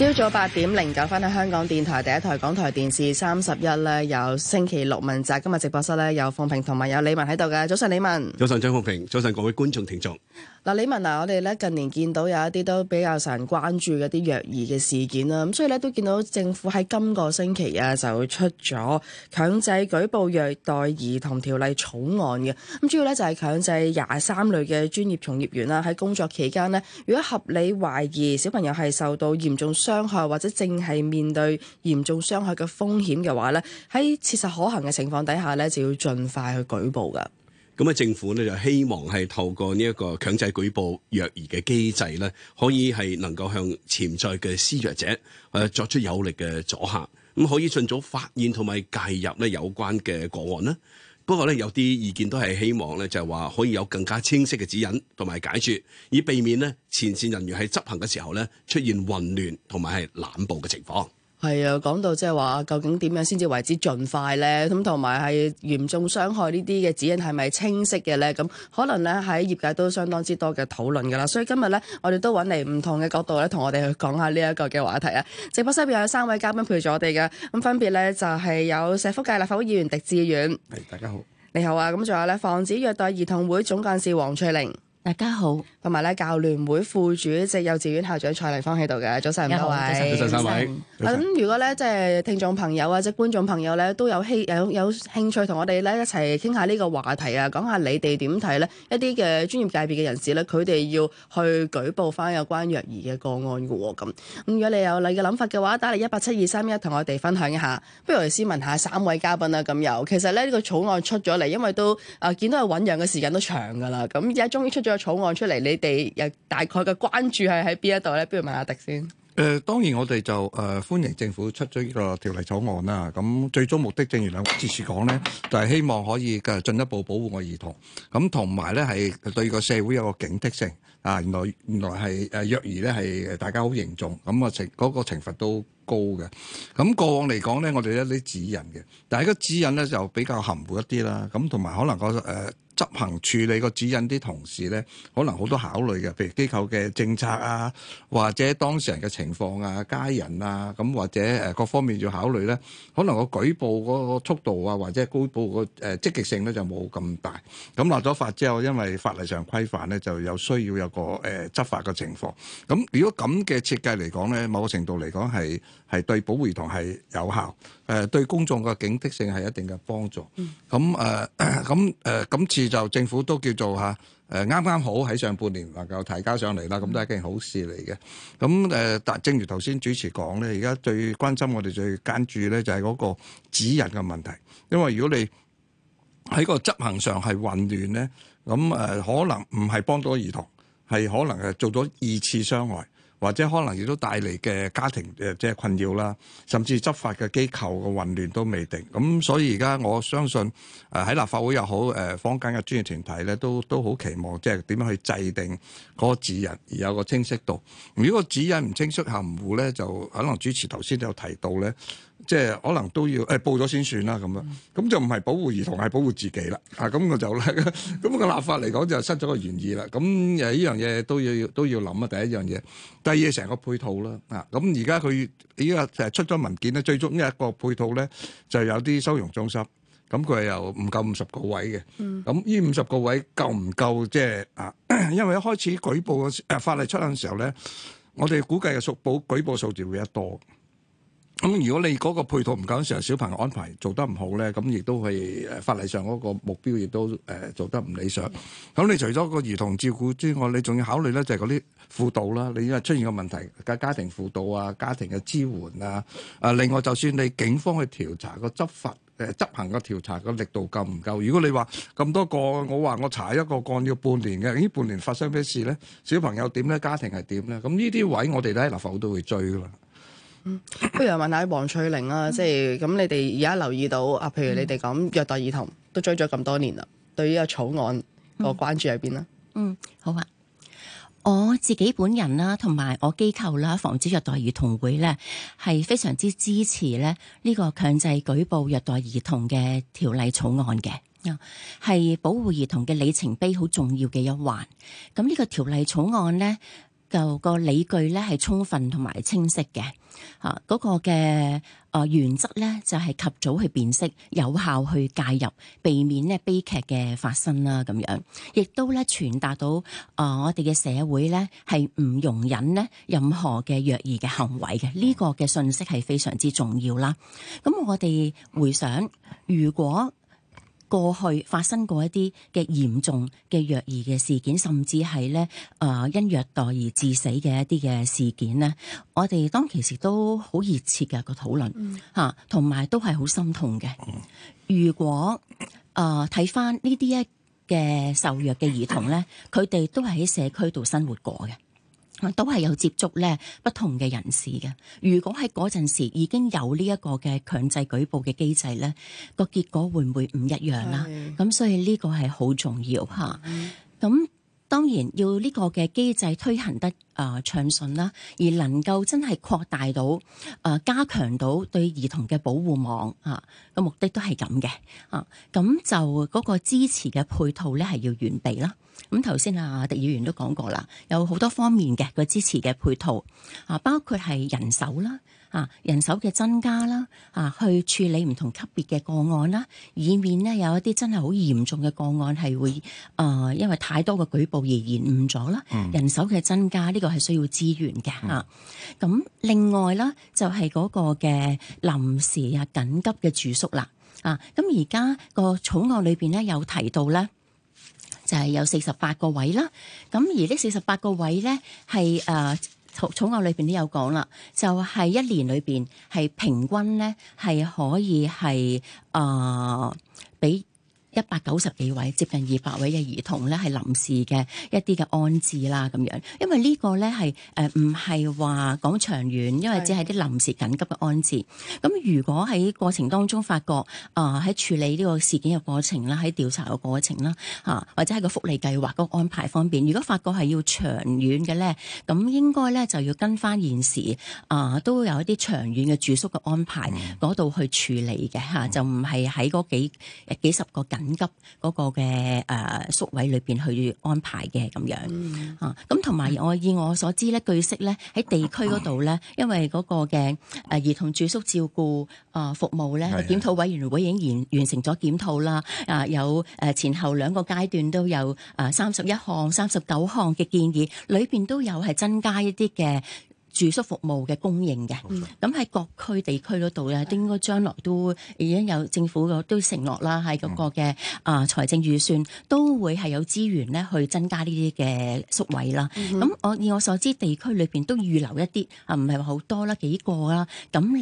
朝早八點零九分喺香港電台第一台港台電視三十一咧，有星期六問責。今日直播室咧，有鳳平同埋有李文喺度嘅。早晨，李文，早晨，張鳳平，早晨，各位觀眾聽眾。嗱，李文啊，我哋咧近年見到有一啲都比較受人關注嘅一啲虐兒嘅事件啦，咁所以咧都見到政府喺今個星期啊就出咗強制舉報虐待兒童條例草案嘅。咁主要咧就係強制廿三類嘅專業從業員啦，喺工作期間咧，如果合理懷疑小朋友係受到嚴重傷害或者正係面對嚴重傷害嘅風險嘅話咧，喺切實可行嘅情況底下咧，就要盡快去舉報噶。咁啊，政府呢，就希望係透過呢一個強制舉報虐兒嘅機制咧，可以係能夠向潛在嘅施虐者誒作出有力嘅阻吓，咁可以盡早發現同埋介入咧有關嘅個案咧。不過咧，有啲意見都係希望咧，就係話可以有更加清晰嘅指引同埋解決，以避免咧前線人員喺執行嘅時候咧出現混亂同埋係濫報嘅情況。係啊，講到即係話究竟點樣先至為之盡快呢？咁同埋係嚴重傷害呢啲嘅指引係咪清晰嘅呢？咁可能呢，喺業界都相當之多嘅討論噶啦。所以今日呢，我哋都揾嚟唔同嘅角度咧，同我哋去講下呢一個嘅話題啊。直播室入邊有三位嘉賓陪住我哋嘅咁，分別呢，就係、是、有社福界立法會議員狄志遠，係，大家好，你好啊。咁仲有呢，防止虐待兒童會總幹事黃翠玲。大家好，同埋咧教聯會副主席、幼稚園校長蔡麗芳喺度嘅，早晨各位，早晨三位。咁安安、啊、如果咧即係聽眾朋友啊，即係觀眾朋友咧，都有希有有興趣同我哋咧一齊傾下呢個話題啊，講下你哋點睇咧？一啲嘅專業界別嘅人士咧，佢哋要去舉報翻有關虐兒嘅個案嘅，咁、嗯、咁。如果你有你嘅諗法嘅話，打嚟一八七二三一同我哋分享一下。不如我哋先問下三位嘉賓啦。咁又，其實咧呢、這個草案出咗嚟，因為都啊、呃、見到係醞釀嘅時間都長噶啦。咁而家終於出咗。草案出嚟，你哋有大概嘅關注係喺邊一度咧？不如問下狄先。誒，當然我哋就誒歡迎政府出咗呢個條例草案啦。咁最終目的，正如兩位爵士講咧，就係希望可以嘅進一步保護我兒童。咁同埋咧，係對個社會有個警惕性。啊，原來原來係誒虐兒咧係大家好凝重。咁啊，懲嗰個懲罰都高嘅。咁過往嚟講咧，我哋一啲指引嘅，但係個指引咧就比較含糊一啲啦。咁同埋可能個誒。執行處理個指引啲同事咧，可能好多考慮嘅，譬如機構嘅政策啊，或者當事人嘅情況啊、家人啊，咁或者誒各方面要考慮咧，可能個舉報個速度啊，或者舉報個誒積極性咧，就冇咁大。咁落咗法之後，因為法例上規範咧，就有需要有個誒執法嘅情況。咁如果咁嘅設計嚟講咧，某個程度嚟講係係對保護兒童係有效，誒對公眾嘅警惕性係一定嘅幫助。咁誒咁誒今次。就政府都叫做吓、啊，誒啱啱好喺上半年能夠提交上嚟啦，咁都係一件好事嚟嘅。咁誒，但、呃、正如頭先主持講咧，而家最關心我哋最關注咧，就係嗰個指引嘅問題，因為如果你喺個執行上係混亂咧，咁誒、呃、可能唔係幫到兒童，係可能係做咗二次傷害。或者可能亦都帶嚟嘅家庭誒，即係困擾啦，甚至執法嘅機構嘅混亂都未定。咁所以而家我相信誒喺、呃、立法會又好誒、呃，坊間嘅專業團體咧，都都好期望即係點樣去制定嗰個指引而有個清晰度。如果指引唔清晰含糊咧，就可能主持頭先都有提到咧。即係可能都要誒、哎、報咗先算啦咁樣，咁就唔係保護兒童，係保護自己啦。啊，咁我就咧，咁 個、嗯、立法嚟講就失咗個原意啦。咁誒呢樣嘢都要都要諗啊。第一樣嘢，第二成個配套啦。啊，咁而家佢依家誒出咗文件咧，最終一個配套咧就有啲收容中心。咁佢又唔夠五十個位嘅。咁呢五十個位夠唔夠？即、就、係、是、啊，因為一開始舉報嘅誒、呃、法例出嘅時候咧，我哋估計嘅屬報舉報數字會得多。咁如果你嗰個配套唔夠嘅時候，成小朋友安排做得唔好咧，咁亦都係、呃、法例上嗰個目標亦都誒、呃、做得唔理想。咁 你除咗個兒童照顧之外，你仲要考慮咧，就係嗰啲輔導啦。你因為出現個問題，家家庭輔導啊、家庭嘅支援啊。啊，另外就算你警方去調查個執法誒、呃、執行嘅調查個力度夠唔夠，如果你話咁多個，我話我查一個案要半年嘅，呢、哎、半年發生咩事咧？小朋友點咧？家庭係點咧？咁呢啲位我哋都喺立法會都會追噶啦。嗯、不如問下黃翠玲啊，嗯、即係咁，你哋而家留意到啊，譬如你哋講虐待兒童都追咗咁多年啦，對於個草案個關注喺邊咧？嗯，好啊，我自己本人啦，同埋我機構啦，防止虐待兒童會咧，係非常之支持咧呢個強制舉報虐待兒童嘅條例草案嘅，係保護兒童嘅里程碑，好重要嘅一環。咁呢個條例草案咧，就個理據咧係充分同埋清晰嘅，嚇、那、嗰個嘅啊原則咧就係及早去辨識，有效去介入，避免咧悲劇嘅發生啦。咁樣亦都咧傳達到啊、呃，我哋嘅社會咧係唔容忍咧任何嘅虐兒嘅行為嘅，呢、這個嘅信息係非常之重要啦。咁我哋回想，如果。過去發生過一啲嘅嚴重嘅虐兒嘅事件，甚至係咧誒因虐待而致死嘅一啲嘅事件咧，我哋當其時都好熱切嘅個討論吓，同埋都係好心痛嘅。如果誒睇返呢啲一嘅受虐嘅兒童咧，佢哋都係喺社區度生活過嘅。都係有接觸咧不同嘅人士嘅。如果喺嗰陣時已經有呢一個嘅強制舉報嘅機制咧，個結果會唔會唔一樣啦？咁的所以呢個係好重要嚇。咁的。當然要呢個嘅機制推行得啊暢順啦，而、呃呃、能夠真係擴大到啊、呃、加強到對兒童嘅保護網啊個目的都係咁嘅啊，咁就嗰個支持嘅配套咧係要完備啦。咁頭先啊狄、啊、議員都講過啦，有好多方面嘅個支持嘅配套啊，包括係人手啦。啊啊，人手嘅增加啦，啊，去處理唔同級別嘅個案啦，以免咧有一啲真係好嚴重嘅個案係會，誒、呃，因為太多嘅舉報而延誤咗啦。嗯、人手嘅增加呢個係需要資源嘅吓。咁、嗯、另外啦，就係嗰個嘅臨時啊緊急嘅住宿啦。啊，咁而家個草案裏邊咧有提到咧，就係有四十八個位啦。咁而呢四十八個位咧係誒。呃草草案裏邊都有講啦，就係、是、一年裏邊係平均咧，係可以係誒俾。呃一百九十幾位，接近二百位嘅兒童咧，係臨時嘅一啲嘅安置啦，咁樣，因為呢個咧係誒唔係話講長遠，因為只係啲臨時緊急嘅安置。咁的如果喺過程當中發覺啊，喺、呃、處理呢個事件嘅過程啦，喺調查嘅過程啦，吓、啊、或者係個福利計劃個安排方面，如果發覺係要長遠嘅咧，咁應該咧就要跟翻現時啊，都有一啲長遠嘅住宿嘅安排嗰度、嗯、去處理嘅吓、啊，就唔係，喺嗰幾誒幾十個。緊急嗰個嘅誒宿位裏邊去安排嘅，咁樣啊，咁同埋我以我所知咧，據悉咧喺地區嗰度咧，因為嗰個嘅誒兒童住宿照顧啊服務咧，的檢討委員會已經完完成咗檢討啦，啊有誒前後兩個階段都有啊三十一項，三十九項嘅建議，裏邊都有係增加一啲嘅。住宿服務嘅供應嘅，咁喺、嗯、各區地區嗰度咧，都應該將來都已經有政府都承諾啦，喺嗰個嘅啊、嗯呃、財政預算都會係有資源咧去增加呢啲嘅宿位啦。咁、嗯嗯、我以我所知，地區裏邊都預留一啲啊，唔係話好多啦，幾個啦，咁、啊、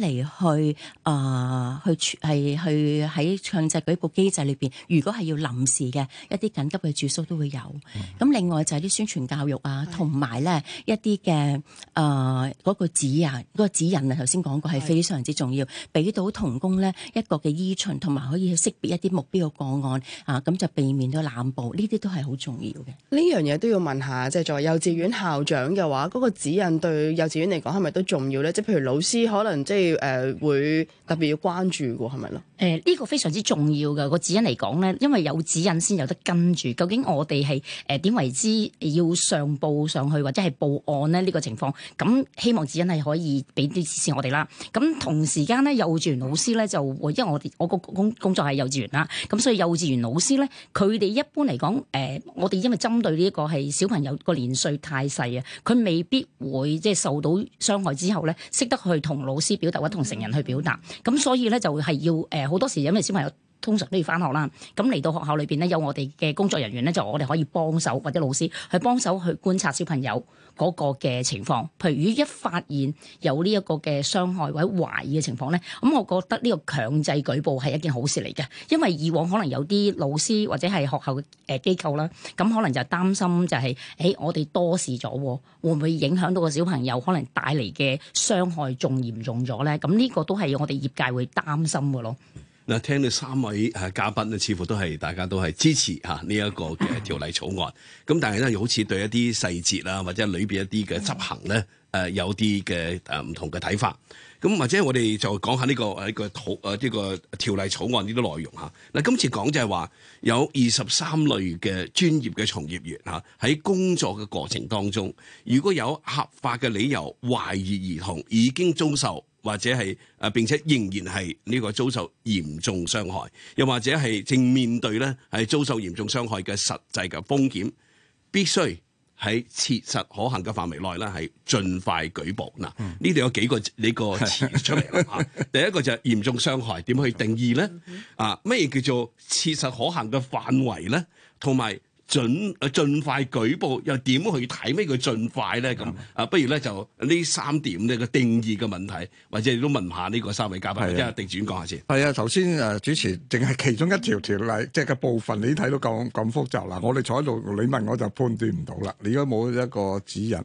嚟去啊、呃、去係去喺強制舉報機制裏邊，如果係要臨時嘅一啲緊急嘅住宿都會有。咁、嗯嗯、另外就係啲宣傳教育啊，同埋咧一啲嘅啊。嗰個指引、嗰個指引啊，頭先講過係非常之重要，俾的到同工咧一個嘅依循，同埋可以識別一啲目標嘅個案啊，咁就避免咗濫報。呢啲都係好重要嘅。呢樣嘢都要問下，即、就、係、是、作為幼稚園校長嘅話，嗰、那個指引對幼稚園嚟講係咪都重要咧？即係譬如老師可能即係誒會特別要關注嘅，係咪咯？誒呢個非常之重要嘅、嗰個指引嚟講咧，因為有指引先有得跟住，究竟我哋係誒點為之要上報上去，或者係報案咧？呢、呢個情況咁。希望指引係可以俾啲支持我哋啦。咁同時間咧，幼稚園老師咧就，因為我哋我個工工作係幼稚園啦。咁所以幼稚園老師咧，佢哋一般嚟講，誒、呃，我哋因為針對呢一個係小朋友個年歲太細啊，佢未必會即係受到傷害之後咧，識得去同老師表達或者同成人去表達。咁所以咧，就係要誒好多時，因為小朋友。通常都要翻學啦，咁嚟到學校裏邊咧，有我哋嘅工作人員咧，就我哋可以幫手或者老師去幫手去觀察小朋友嗰個嘅情況。譬如一發現有呢一個嘅傷害或者懷疑嘅情況咧，咁我覺得呢個強制舉報係一件好事嚟嘅，因為以往可能有啲老師或者係學校嘅誒機構啦，咁可能就擔心就係、是、誒、欸、我哋多事咗，會唔會影響到個小朋友可能帶嚟嘅傷害仲嚴重咗咧？咁呢個都係我哋業界會擔心嘅咯。嗱，聽到三位誒嘉賓咧，似乎都係大家都係支持嚇呢一個嘅條例草案。咁、嗯、但係咧，好似對一啲細節啦，或者裏邊一啲嘅執行咧，誒、呃、有啲嘅誒唔同嘅睇法。咁、嗯、或者我哋就講下呢、呢個一、呢個討誒一個條例草案呢啲內容嚇。嗱、啊，今次講就係話有二十三類嘅專業嘅從業員嚇喺、啊、工作嘅過程當中，如果有合法嘅理由懷疑兒童已經遭受。或者係誒、啊，並且仍然係呢個遭受嚴重傷害，又或者係正面對咧係遭受嚴重傷害嘅實際嘅風險，必須喺切實可行嘅範圍內咧，係盡快舉報。嗱、啊，呢度有幾個呢、呢個詞出嚟啦、啊。第一個就係嚴重傷害，點去定義咧？啊，咩叫做切實可行嘅範圍咧？同埋，準誒盡快舉報，又點去睇咩叫盡快咧？咁吧啊，不如咧就呢三點咧個定義嘅問題，或者你都問下呢個三位嘉賓，啊、一陣定轉講下先。係啊，頭先誒主持淨係其中一條條例，即係個部分你睇到咁咁複雜喇。我哋坐喺度，你問我就判斷唔到啦。你而家冇一個指引，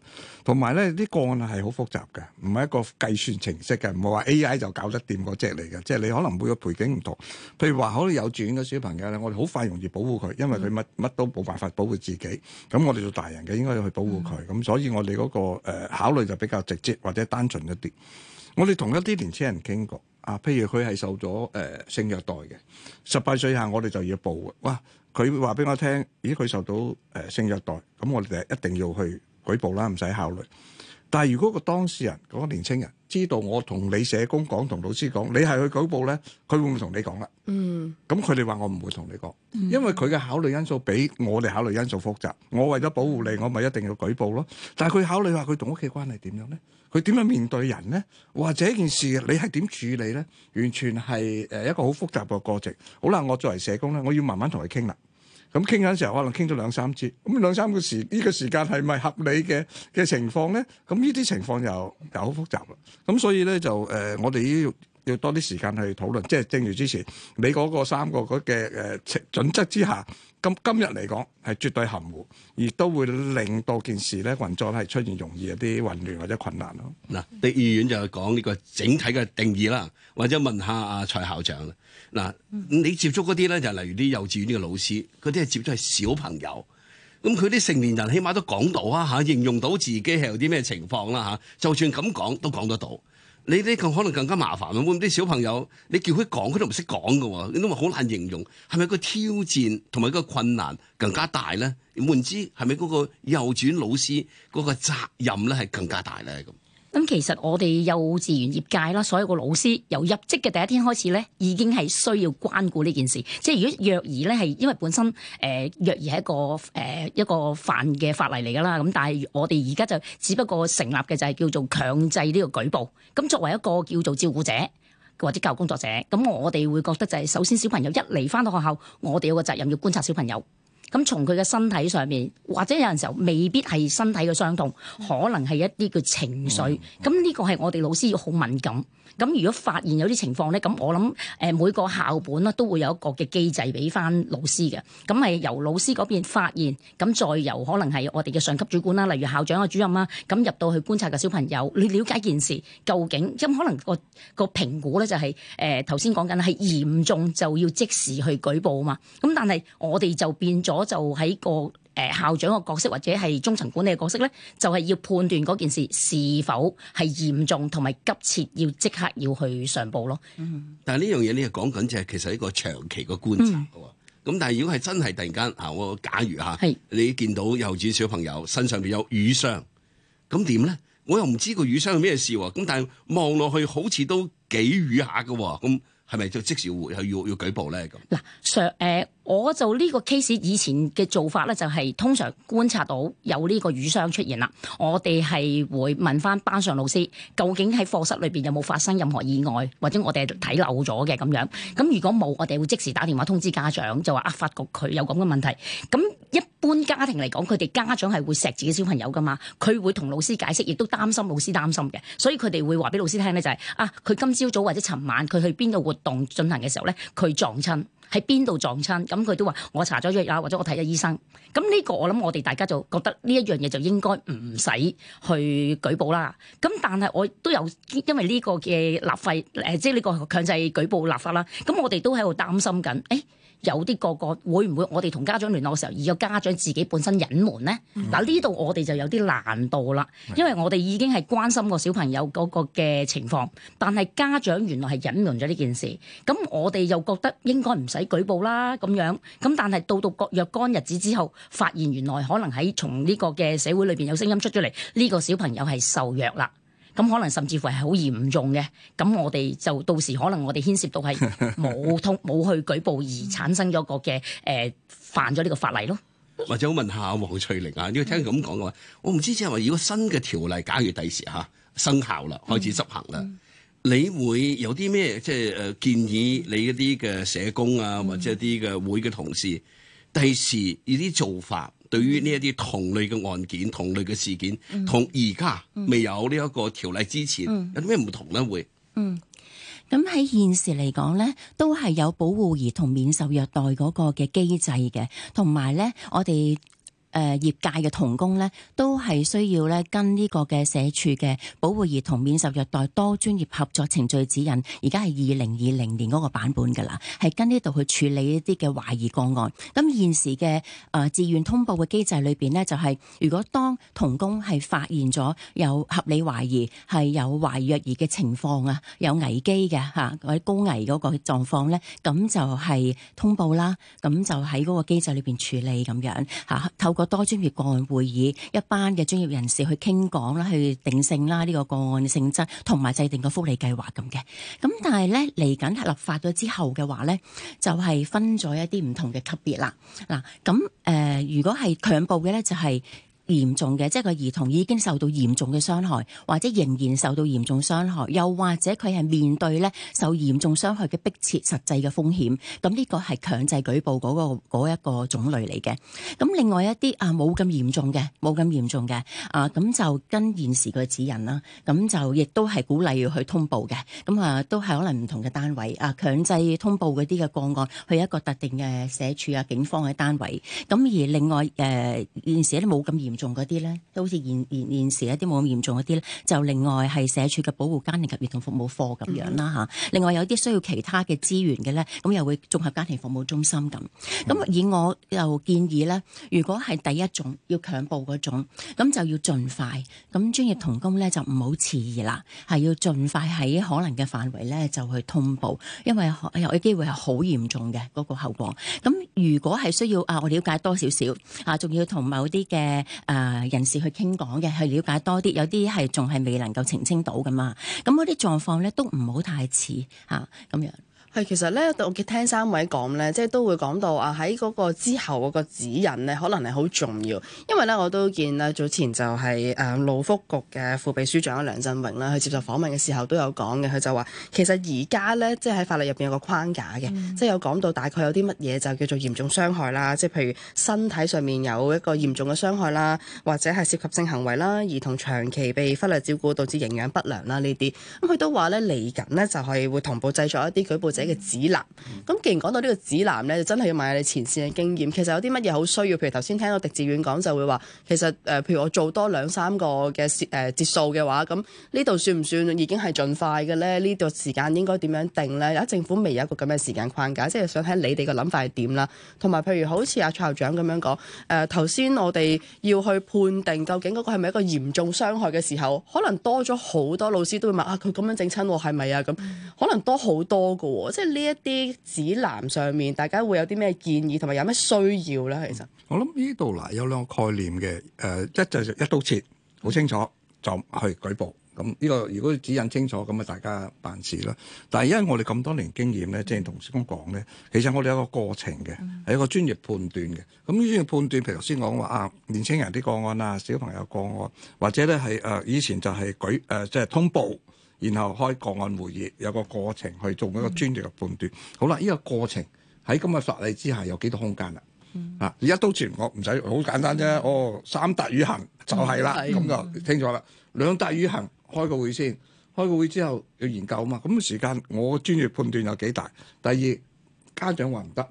同埋咧啲個案係好複雜嘅，唔係一個計算程式嘅，唔好話 A I 就搞得掂嗰隻嚟嘅。即係你可能每個背景唔同，譬如話可能有住院嘅小朋友咧，我哋好快容易保護佢，因為佢乜乜都保護。法保護自己，咁我哋做大人嘅應該要去保護佢，咁所以我哋嗰個誒考慮就比較直接或者單純一啲。我哋同一啲年青人傾過，啊，譬如佢係受咗誒性虐待嘅，十八歲下，我哋就要報嘅。哇，佢話俾我聽，咦，佢受到誒性虐待，咁我哋一定要去舉報啦，唔使考慮。但係如果個當事人嗰個年青人知道我同你社工講同老師講，你係去舉報呢，佢會唔會同你講啦？嗯，咁佢哋話我唔會同你講，因為佢嘅考慮因素比我哋考慮因素複雜。我為咗保護你，我咪一定要舉報咯。但係佢考慮話佢同屋企關係點樣呢？佢點樣面對人呢？或者這件事你係點處理呢？完全係誒一個好複雜嘅過程。好啦，我作為社工呢，我要慢慢同佢傾啦。咁傾緊時候，可能傾咗兩三次，咁兩三個時，呢個時間係咪合理嘅嘅情況咧？咁呢啲情況又又好複雜啦。咁所以咧就誒，我哋要要多啲時間去討論。即係正如之前你嗰個三個嗰嘅誒準則之下，今今日嚟講係絕對含糊，亦都會令到件事咧運作係出現容易有啲混亂或者困難咯。嗱，啲議員就係講呢個整體嘅定義啦，或者問下阿蔡校長啦。嗱，你接觸嗰啲咧，就例如啲幼稚園啲嘅老師，嗰啲係接觸係小朋友，咁佢啲成年人起碼都講到啊嚇，形容到自己係有啲咩情況啦嚇、啊，就算咁講都講得到。你呢個可能更加麻煩喎，啲小朋友你叫佢講，佢都唔識講㗎喎，你都話好難形容，係咪個挑戰同埋個困難更加大咧？換之係咪嗰個幼稚園老師嗰個責任咧係更加大咧咁？咁其實我哋幼稚園業界啦，所有個老師由入職嘅第一天開始咧，已經係需要關顧呢件事。即係如果虐兒咧，係因為本身誒虐兒係一個誒、呃、一個犯嘅法例嚟㗎啦。咁但係我哋而家就只不過成立嘅就係叫做強制呢個舉報。咁作為一個叫做照顧者或者教育工作者，咁我哋會覺得就係首先小朋友一嚟返到學校，我哋有個責任要觀察小朋友。咁從佢嘅身體上面，或者有陣時候未必係身體嘅傷痛，嗯、可能係一啲嘅情緒。咁呢個係我哋老師要好敏感。咁如果發現有啲情況咧，咁我諗誒每個校本啦都會有一個嘅機制俾翻老師嘅，咁係由老師嗰邊發現，咁再由可能係我哋嘅上級主管啦，例如校長啊、主任啦，咁入到去觀察個小朋友，你了解件事究竟，因為可能個個評估咧就係誒頭先講緊啦，係嚴重就要即時去舉報啊嘛。咁但係我哋就變咗就喺個。誒校長個角色或者係中層管理嘅角色咧，就係、是、要判斷嗰件事是否係嚴重同埋急切，要即刻要去上報咯。嗯、但係呢樣嘢你咧，講緊就係其實一個長期嘅觀察喎。咁、嗯、但係如果係真係突然間啊，我假如嚇，你見到幼稚小朋友身上邊有瘀傷，咁點咧？我又唔知個瘀傷係咩事喎。咁但係望落去好似都幾瘀下嘅喎。咁係咪就即時要要要，要舉報咧？咁嗱上誒。Sir, 呃我就呢個 case 以前嘅做法咧，就係通常觀察到有呢個瘀傷出現啦。我哋係會問翻班上老師，究竟喺課室裏邊有冇發生任何意外，或者我哋睇漏咗嘅咁樣。咁如果冇，我哋會即時打電話通知家長，就話啊，發覺佢有咁嘅問題。咁一般家庭嚟講，佢哋家長係會錫自己小朋友噶嘛，佢會同老師解釋，亦都擔心老師擔心嘅，所以佢哋會話俾老師聽咧，就係啊，佢今朝早或者尋晚佢去邊度活動進行嘅時候咧，佢撞親。喺邊度撞親，咁佢都話我查咗藥啊，或者我睇下醫生。咁呢個我諗我哋大家就覺得呢一樣嘢就應該唔使去舉報啦。咁但係我都有因為呢個嘅立法誒，即係呢個強制舉報立法啦。咁我哋都喺度擔心緊誒。欸有啲個個會唔會我哋同家長聯絡嘅時候，而個家長自己本身隱瞞咧？嗱，呢度我哋就有啲難度啦，因為我哋已經係關心個小朋友嗰個嘅情況，但係家長原來係隱瞞咗呢件事，咁我哋又覺得應該唔使舉報啦咁樣，咁但係到到若干日子之後，發現原來可能喺從呢個嘅社會裏邊有聲音出咗嚟，呢個小朋友係受虐啦。咁可能甚至乎係好嚴重嘅，咁我哋就到時可能我哋牽涉到係冇通冇 去舉報而產生咗個嘅誒、呃、犯咗呢個法例咯。或者我問下黃翠玲啊，因為聽佢咁講嘅話，我唔知即係話如果新嘅條例假如第時吓、啊、生效啦，開始執行啦，嗯、你會有啲咩即係誒、呃、建議？你一啲嘅社工啊，或者啲嘅會嘅同事，第時呢啲做法？對於呢一啲同類嘅案件，同類嘅事件，同而家未有呢一個條例之前，嗯、有啲咩唔同咧？會、嗯，咁喺現時嚟講咧，都係有保護兒童免受虐待嗰個嘅機制嘅，同埋咧，我哋。誒業界嘅同工咧，都係需要咧跟呢個嘅社署嘅保護兒童免受虐待多專業合作程序指引，而家係二零二零年嗰個版本噶啦，係跟呢度去處理一啲嘅懷疑個案。咁現時嘅誒自願通報嘅機制裏邊呢，就係、是、如果當同工係發現咗有合理懷疑係有懷弱兒嘅情況啊，有危機嘅吓，或者高危嗰個狀況咧，咁就係通報啦，咁就喺嗰個機制裏邊處理咁樣吓透過多專業個案會議，一班嘅專業人士去傾講啦，去定性啦呢個個案性質，同埋制定個福利計劃咁嘅。咁但係咧嚟緊立法咗之後嘅話咧，就係、是、分咗一啲唔同嘅級別啦。嗱，咁、呃、誒，如果係強暴嘅咧，就係、是。嚴重嘅，即係個兒童已經受到嚴重嘅傷害，或者仍然受到嚴重傷害，又或者佢係面對咧受嚴重傷害嘅迫切實際嘅風險，咁呢個係強制舉報嗰、嗰個一個種類嚟嘅。咁另外一啲啊冇咁嚴重嘅，冇咁嚴重嘅啊，咁就跟現時嘅指引啦，咁、啊、就亦都係鼓勵要去通報嘅。咁啊，都係可能唔同嘅單位啊，強制通報嗰啲嘅個案去一個特定嘅社署啊、警方嘅單位。咁而另外誒、啊、現時都冇咁嚴重嗰啲咧，都好似現現現時一啲冇咁嚴重嗰啲咧，就另外係社署嘅保護家庭及兒童服務課咁樣啦嚇。另外有啲需要其他嘅資源嘅咧，咁又會綜合家庭服務中心咁。咁以我又建議咧，如果係第一種要強報嗰種，咁就要盡快。咁專業同工咧就唔好遲疑啦，係要盡快喺可能嘅範圍咧就去通報，因為有嘅機會係好嚴重嘅嗰個後果。咁如果係需要啊，我了解多少少啊，仲要同某啲嘅。誒、呃、人士去傾講嘅，去了解多啲，有啲係仲係未能夠澄清到噶嘛，咁嗰啲狀況咧都唔好太似吓咁、啊、樣。係，其實咧，我聽三位講咧，即係都會講到啊，喺嗰個之後嗰個指引咧，可能係好重要，因為咧，我都見啊早前就係誒勞福局嘅副秘書長梁振榮啦，佢接受訪問嘅時候都有講嘅，佢就話其實而家咧，即係喺法律入邊有個框架嘅，嗯、即係有講到大概有啲乜嘢就叫做嚴重傷害啦，即係譬如身體上面有一個嚴重嘅傷害啦，或者係涉及性行為啦，兒童長期被忽略照顧導致營養不良啦呢啲，咁佢都話咧嚟緊呢就係、是、會同步製作一啲舉報者。嘅、嗯、指南，咁既然講到呢個指南呢，就真係要問下你前線嘅經驗。其實有啲乜嘢好需要？譬如頭先聽到狄志遠講，就會話其實誒、呃，譬如我做多兩三個嘅誒、呃、節數嘅話，咁呢度算唔算已經係盡快嘅呢？呢、這、度、個、時間應該點樣定呢？而家政府未有一個咁嘅時間框架，即係想睇你哋嘅諗法係點啦。同埋譬如好似阿蔡校長咁樣講，誒頭先我哋要去判定究竟嗰個係咪一個嚴重傷害嘅時候，可能多咗好多老師都會問啊，佢咁樣整親係咪啊？咁可能多好多嘅喎。即係呢一啲指南上面，大家會有啲咩建議同埋有咩需要咧？其實、嗯、我諗呢度嗱有兩個概念嘅，誒、呃、一就係一刀切，好清楚、嗯、就去舉報。咁呢個如果指引清楚咁啊，大家辦事啦。但係因為我哋咁多年經驗咧，嗯、即係同師公講咧，其實我哋有一個過程嘅，係、嗯、一個專業判斷嘅。咁專業判斷，譬如頭先講話啊，年輕人啲個案啊，小朋友個案，或者咧係誒以前就係舉誒、呃、即係通報。然後開個案會議，有個過程去做一個專業嘅判斷。嗯、好啦，呢、這個過程喺今日法例之下有幾多空間啦？啊，而家都全，我唔使好簡單啫、啊。哦，三達於行就係、是、啦，咁、嗯、就清楚啦。兩達於行，開個會先，開個會之後要研究嘛。咁時間，我專業判斷有幾大？第二，家長話唔得，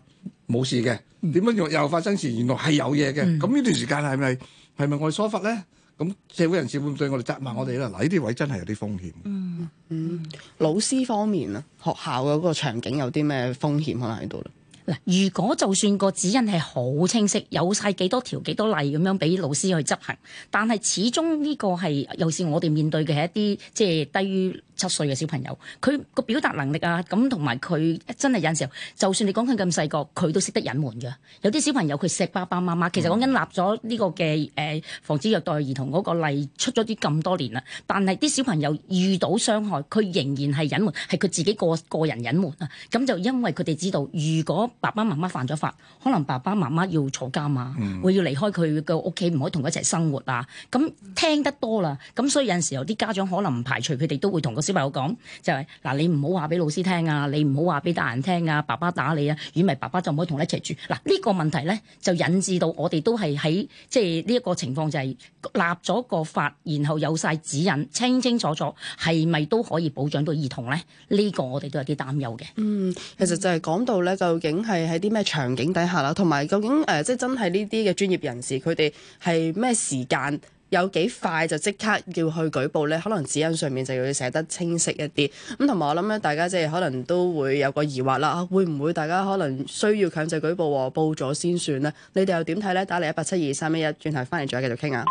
冇事嘅。點樣又發生事？原來係有嘢嘅。咁呢、嗯嗯、段時間係咪係咪我疏忽咧？是咁社會人士會唔會對我哋責問我哋啦？嗱，呢啲位真係有啲風險。嗯嗯，老師方面啊，學校嗰個場景有啲咩風險可能喺度咧？嗱，如果就算個指引係好清晰，有晒幾多條、幾多例咁樣俾老師去執行，但係始終呢個係又是我哋面對嘅係一啲即係低於。七歲嘅小朋友，佢個表達能力啊，咁同埋佢真係有陣時候，就算你講佢咁細個，佢都識得隱瞞㗎。有啲小朋友佢錫爸爸媽媽，其實講緊立咗呢個嘅誒防止虐待兒童嗰個例出咗啲咁多年啦，但係啲小朋友遇到傷害，佢仍然係隱瞞，係佢自己個個人隱瞞啊。咁就因為佢哋知道，如果爸爸媽媽犯咗法，可能爸爸媽媽要坐監啊，會要離開佢嘅屋企，唔可以同佢一齊生活啊。咁聽得多啦，咁所以有陣時候啲家長可能唔排除佢哋都會同佢。小朋友講就係、是、嗱，你唔好話俾老師聽啊，你唔好話俾大人聽啊，爸爸打你啊，如果唔係爸爸就唔可以同你一齊住。嗱、這、呢個問題咧就引致到我哋都係喺即係呢一個情況就係立咗個法，然後有晒指引，清清楚楚，係咪都可以保障到兒童咧？呢、這個我哋都有啲擔憂嘅。嗯，其實就係講到咧，究竟係喺啲咩場景底下啦，同埋究竟誒、呃、即係真係呢啲嘅專業人士佢哋係咩時間？有幾快就即刻要去舉報呢？可能指引上面就要寫得清晰一啲咁，同埋我諗咧，大家即係可能都會有個疑惑啦、啊，會唔會大家可能需要強制舉報喎？報咗先算呢？你哋又點睇呢？打嚟一八七二三一一，轉頭返嚟再繼續傾啊！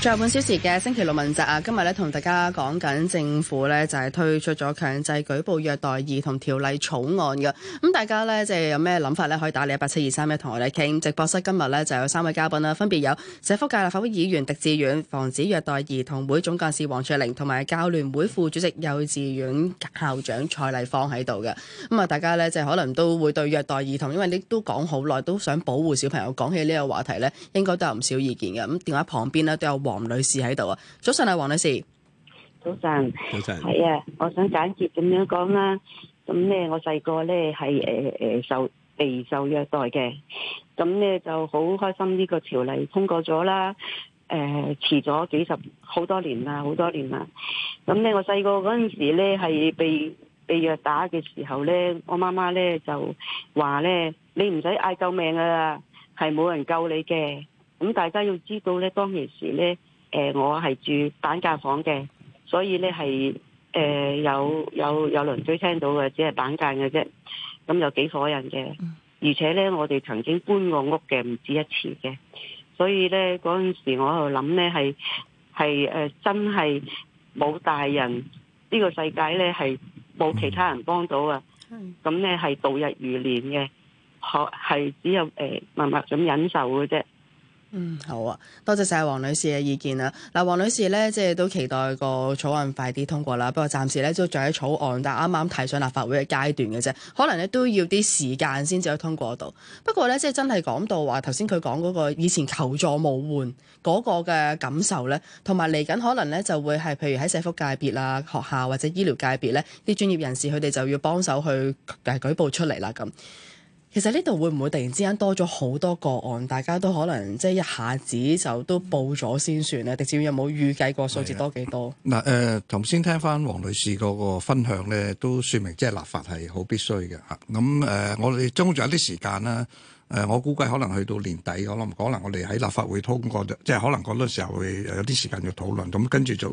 最後半小時嘅星期六問責啊，今日咧同大家講緊政府咧就係、是、推出咗強制舉報虐待兒童條例草案噶，咁大家咧即係有咩諗法咧，可以打嚟一八七二三一同我哋傾。直播室今日咧就有三位嘉賓啦，分別有社福界立法會議員狄志遠、防止虐待兒童會總幹事黃翠玲，同埋教聯會副主席、幼稚園校長蔡麗芳喺度嘅。咁啊，大家咧即係可能都會對虐待兒童，因為你都講好耐，都想保護小朋友，講起呢個話題咧，應該都有唔少意見嘅。咁電話旁邊咧都有。黃女士喺度啊，早晨啊，黃女士，早晨，早晨，係啊，我想簡潔咁樣講啦。咁咧，我細個咧係誒誒受被受虐待嘅，咁咧就好開心呢個條例通過咗啦。誒、呃，遲咗幾十好多年啦，好多年啦。咁咧，我細個嗰陣時咧係被被虐打嘅時候咧，我媽媽咧就話咧，你唔使嗌救命啊，係冇人救你嘅。咁大家要知道咧，當其時咧，誒，我係住板間房嘅，所以咧係誒有有有鄰居聽到嘅，只係板間嘅啫。咁有幾伙人嘅，而且咧，我哋曾經搬過屋嘅唔止一次嘅，所以咧，嗰陣時我喺度諗咧，係係誒真係冇大人，呢個世界咧係冇其他人幫到啊。咁咧係度日如年嘅，學係只有誒、呃、默默咁忍受嘅啫。嗯，好啊，多謝晒黃女士嘅意見啊。嗱，黃女士呢，即係都期待個草案快啲通過啦。不過暫時呢，都仲喺草案，但係啱啱提上立法會嘅階段嘅啫，可能呢，都要啲時間先至可以通過到。不過呢，即係真係講到話，頭先佢講嗰個以前求助無援嗰個嘅感受呢，同埋嚟緊可能呢，就會係，譬如喺社福界別啊、學校或者醫療界別呢啲專業人士佢哋就要幫手去誒舉報出嚟啦咁。其實呢度會唔會突然之間多咗好多個案？大家都可能即係一下子就都報咗先算咧。狄志遠有冇預計過數字多幾多？嗱，誒、呃，頭先聽翻黃女士嗰個分享咧，都説明即係立法係好必須嘅嚇。咁誒、呃，我哋中咗一啲時間啦。誒，我估計可能去到年底，我諗可能我哋喺立法會通過即係可能嗰陣時候會有啲時間要討論，咁跟住就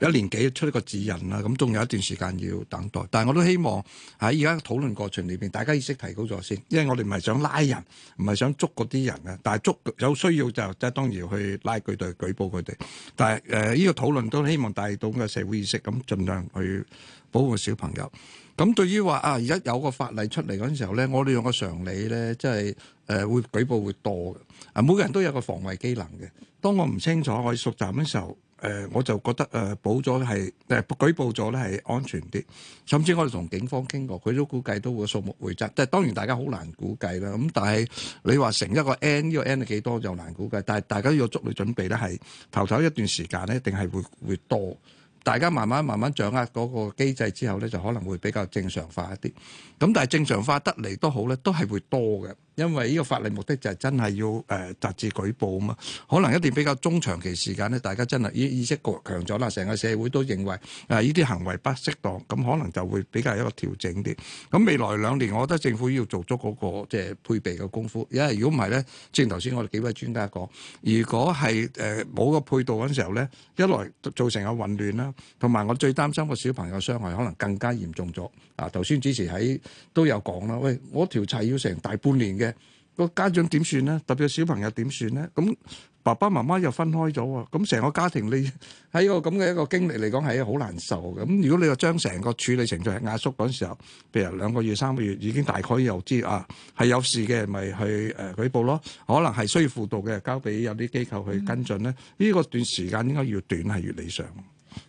要一年幾出一個指引，啦，咁仲有一段時間要等待。但係我都希望喺而家討論過程裏邊，大家意識提高咗先，因為我哋唔係想拉人，唔係想捉嗰啲人嘅，但係捉有需要就即係當然去拉佢哋、舉報佢哋。但係誒，依、呃呢個討論都希望帶到嘅社會意識，咁盡量去保護小朋友。咁對於話啊，而家有個法例出嚟嗰陣時候咧，我哋用個常理咧，即係誒會舉報會多嘅。啊，每個人都有個防衞機能嘅。當我唔清楚我熟習嘅時候，誒我就覺得誒報咗係誒舉報咗咧係安全啲。甚至我哋同警方傾過，佢都估計都會數目會增。即係當然大家好難估計啦。咁但係你話成一個 N 呢個 N 係幾多就難估計。但係大家要足夠準備咧，係頭頭一段時間咧，定係會會多。大家慢慢慢慢掌握嗰個機制之後咧，就可能會比較正常化一啲。咁但係正常化得嚟都好咧，都係會多嘅，因為呢個法例目的就係真係要誒達至舉報啊嘛。可能一段比較中長期時間咧，大家真係意意識覺強咗啦，成個社會都認為誒呢啲行為不適當，咁可能就會比較一個調整啲。咁未來兩年，我覺得政府要做足嗰、那個即係、就是、配備嘅功夫，因為如果唔係咧，正如頭先我哋幾位專家講，如果係誒冇個配套嗰陣時候咧，一來造成個混亂啦，同埋我最擔心個小朋友傷害可能更加嚴重咗。啊，頭先主持喺，都有講啦，喂，我調查要成大半年嘅，個家長點算咧？特別小朋友點算咧？咁爸爸媽媽又分開咗喎，咁成個家庭你喺個咁嘅一個經歷嚟講係好難受嘅。咁如果你話將成個處理程序壓縮嗰陣時候，譬如兩個月、三個月，已經大概又知啊係有事嘅，咪去誒舉、呃、報咯。可能係需要輔導嘅，交俾有啲機構去跟進咧。呢、嗯、個段時間應該越短係越理想。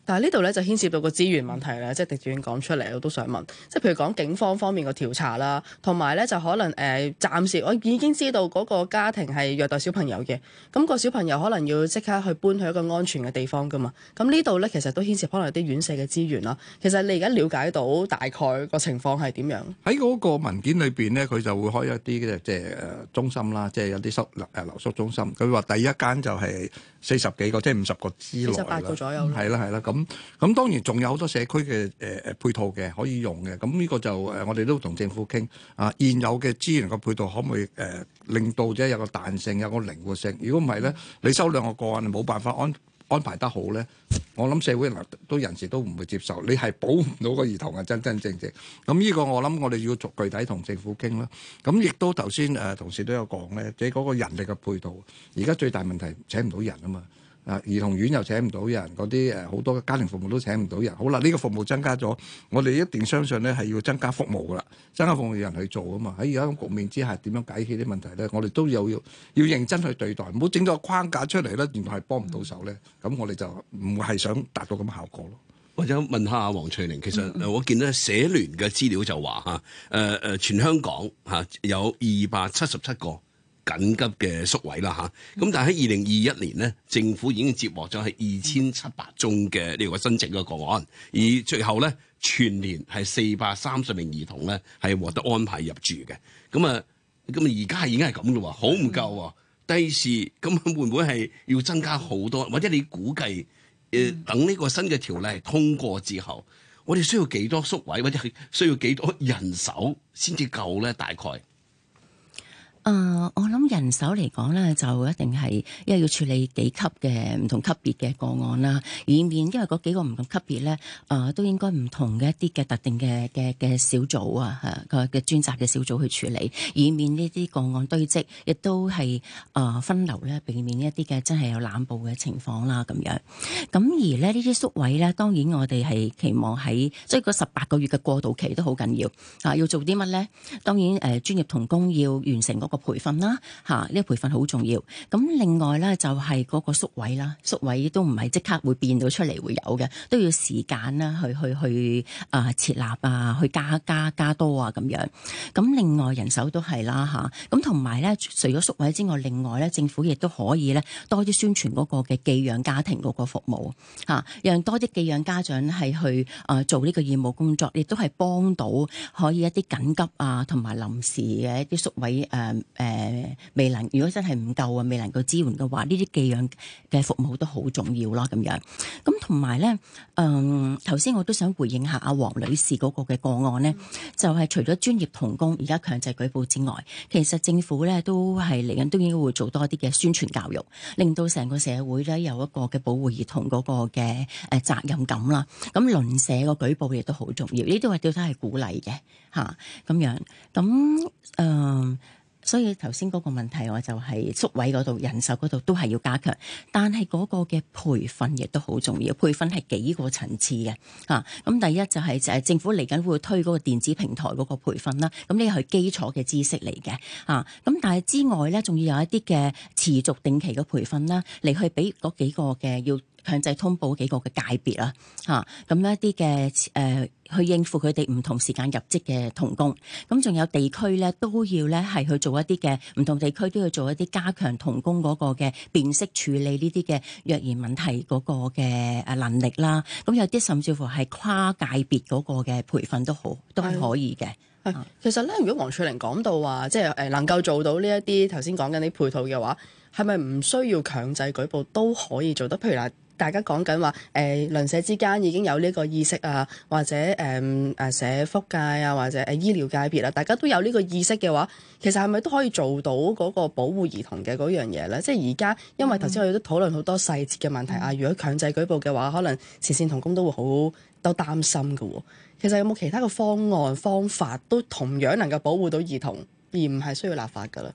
但係呢度咧就牽涉到個資源問題咧，即係狄志遠講出嚟，我都想問，即係譬如講警方方面個調查啦，同埋咧就可能誒、呃，暫時我已經知道嗰個家庭係虐待小朋友嘅，咁、那個小朋友可能要即刻去搬去一個安全嘅地方噶嘛，咁呢度咧其實都牽涉可能有啲院舍嘅資源啦。其實你而家了解到大概個情況係點樣？喺嗰個文件裏邊咧，佢就會開一啲嘅即係中心啦，即係有啲收誒留宿中心。佢、就、話、是呃、第一間就係、是。四十幾個，即係五十個之內啦。係啦，係啦。咁咁當然仲有好多社區嘅誒誒配套嘅可以用嘅。咁呢個就誒我哋都同政府傾啊，現有嘅資源嘅配套可唔可以誒、呃、令到者有個彈性，有個靈活性？如果唔係咧，你收兩個個案，冇辦法安安排得好咧，我諗社會都人士都唔會接受。你係保唔到個兒童嘅真真正正。咁呢個我諗我哋要逐具體同政府傾啦。咁亦都頭先誒同事都有講咧，即係嗰個人力嘅配套。而家最大問題請唔到人啊嘛！啊！兒童院又請唔到人，嗰啲誒好多嘅家庭服務都請唔到人。好啦，呢個服務增加咗，我哋一定相信咧係要增加服務噶啦，增加服務有人去做啊嘛。喺而家個局面之下，點樣解決啲問題咧？我哋都有要要認真去對待，唔好整咗個框架出嚟咧，原來係幫唔到手咧。咁我哋就唔係想達到咁嘅效果咯。或者問下阿黃翠玲，其實我見到社聯嘅資料就話嚇，誒、啊、誒、呃，全香港嚇、啊、有二百七十七個。緊急嘅宿位啦嚇，咁但係喺二零二一年咧，政府已經接獲咗係二千七百宗嘅呢個申請嘅個案，而最後咧全年係四百三十名兒童咧係獲得安排入住嘅。咁啊，咁啊而家係已經係咁嘅喎，好唔夠喎。第時咁會唔會係要增加好多，或者你估計誒、呃、等呢個新嘅條例通過之後，我哋需要幾多宿位，或者係需要幾多人手先至夠咧？大概？啊，我諗人手嚟講咧，就一定係因為要處理幾級嘅唔同級別嘅個案啦，以免因為嗰幾個唔同級別咧，啊，都應該唔同嘅一啲嘅特定嘅嘅嘅小組啊，個嘅專責嘅小組去處理，以免呢啲個案堆積，亦都係啊分流咧，避免一啲嘅真係有濫報嘅情況啦，咁樣。咁而咧呢啲宿位咧，當然我哋係期望喺即係個十八個月嘅過渡期都好緊要啊，要做啲乜咧？當然誒，專業同工要完成嗰培訓啦，吓、這、呢個培訓好重要。咁另外咧就係嗰個宿位啦，宿位都唔係即刻會變到出嚟會有嘅，都要時間啦去去去啊設、呃、立啊，去加加加多啊咁樣。咁另外人手都係啦，吓，咁同埋咧，除咗宿位之外，另外咧政府亦都可以咧多啲宣傳嗰個嘅寄養家庭嗰個服務，吓、啊、讓多啲寄養家長係去啊、呃、做呢個義務工作，亦都係幫到可以一啲緊急啊同埋臨時嘅一啲宿位誒。呃誒、呃、未能，如果真係唔夠啊，未能夠支援嘅話，呢啲寄養嘅服務都好重要啦。咁樣，咁同埋咧，誒頭先我都想回應下阿黃女士嗰個嘅個案咧，嗯、就係除咗專業同工而家強制舉報之外，其實政府咧都係嚟緊，都應該會做多啲嘅宣傳教育，令到成個社會咧有一個嘅保護兒童嗰個嘅誒責任感啦。咁鄰舍嗰舉報亦都好重要，呢啲話到底係鼓勵嘅嚇咁樣，咁誒。呃所以頭先嗰個問題，我就係宿位嗰度、人手嗰度都係要加強，但係嗰個嘅培訓亦都好重要。培訓係幾個層次嘅嚇，咁、啊、第一就係、係、誒、就係、政府嚟緊會推嗰個電子平台嗰個培訓啦。咁呢係基礎嘅知識嚟嘅嚇，咁、啊、但係之外咧，仲要有一啲嘅持續定期嘅培訓啦，嚟、啊、去俾嗰幾個嘅要。強制通報幾個嘅界別啦，嚇、啊、咁一啲嘅誒去應付佢哋唔同時間入職嘅同工，咁、啊、仲有地區咧都要咧係去做一啲嘅唔同地區都要做一啲加強同工嗰個嘅辨識處理呢啲嘅虐兒問題嗰個嘅能力啦，咁、啊、有啲甚至乎係跨界別嗰個嘅培訓都好都係可以嘅。係的、啊、其實咧，如果黃翠玲講到話，即係誒能夠做到呢一啲頭先講緊啲配套嘅話，係咪唔需要強制舉報都可以做得？譬如話。大家講緊話，誒鄰舍之間已經有呢個意識啊，或者誒誒社福界啊，或者誒、呃、醫療界別啊。大家都有呢個意識嘅話，其實係咪都可以做到嗰個保護兒童嘅嗰樣嘢咧？即係而家因為頭先我哋都討論好多細節嘅問題啊，如果強制舉報嘅話，可能前線同工都會好都擔心嘅喎、啊。其實有冇其他嘅方案方法都同樣能夠保護到兒童，而唔係需要立法嘅咧？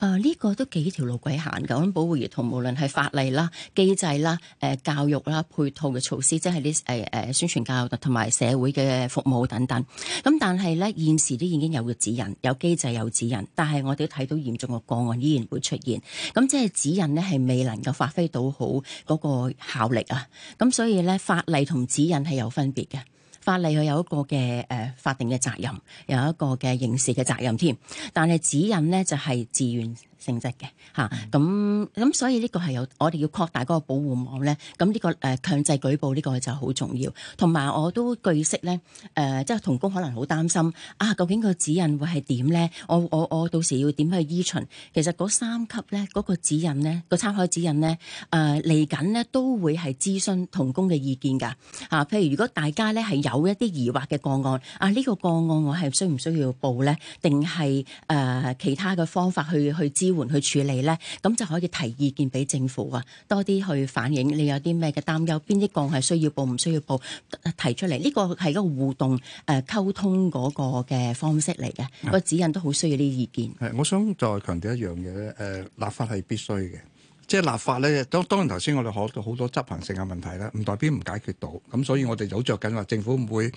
啊！呢，這個都幾條路鬼行噶，我諗保護兒童無論係法例啦、機制啦、誒、呃、教育啦、呃、配套嘅措施，即係啲誒誒宣傳教育同埋社會嘅服務等等。咁、嗯、但係咧，現時都已經有個指引，有機制有指引，但係我哋都睇到嚴重嘅個案依然會出現。咁、嗯、即係指引咧係未能夠發揮到好嗰個效力啊。咁、嗯、所以咧，法例同指引係有分別嘅。法例佢有一個嘅誒、呃、法定嘅責任，有一個嘅刑事嘅責任添，但係指引咧就係、是、自願。成績嘅吓，咁咁所以呢個係有我哋要擴大嗰個保護網咧，咁呢、呢個誒強、呃、制舉報呢個就好重要。呃就是、同埋我都據悉咧，誒即係同工可能好擔心啊，究竟個指引會係點咧？我我我到時要點去依循？其實嗰三級咧，嗰、嗰個指引咧，個參考指引咧，誒嚟緊咧都會係諮詢同工嘅意見噶啊，譬如如果大家咧係有一啲疑惑嘅個案，啊呢、呢個個案我係需唔需要報咧？定係誒其他嘅方法去去知？去支援去處理咧，咁就可以提意見俾政府啊，多啲去反映你有啲咩嘅擔憂，邊一個係需要報唔需要報提出嚟？呢個係一個互動誒、呃、溝通嗰個嘅方式嚟嘅，個指引都好需要啲意見。誒，我想再強調一樣嘢咧，誒、呃、立法係必須嘅。即係立法咧，當當然頭先我哋學到好多執行性嘅問題啦，唔代表唔解決到。咁所以我哋好着緊話，政府會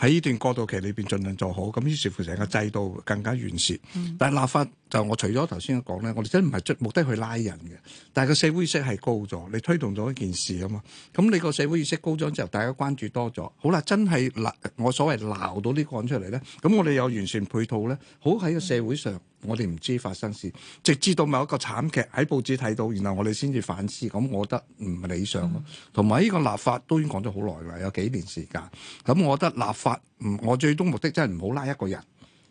喺呢段過渡期裏邊盡量做好。咁於是乎成個制度更加完善。嗯、但係立法就我除咗頭先講咧，我哋真係唔係出目的去拉人嘅。但係個社會意識係高咗，你推動咗一件事啊嘛。咁你個社會意識高咗之後，大家關注多咗。好啦，真係鬧我所謂鬧到呢個案出嚟咧，咁我哋有完善配套咧，好喺個社會上。嗯我哋唔知發生事，直至到某一個慘劇喺報紙睇到，然後我哋先至反思。咁我覺得唔理想咯。同埋呢個立法都已經講咗好耐啦，有幾年時間，咁我覺得立法，唔，我最終目的真係唔好拉一個人。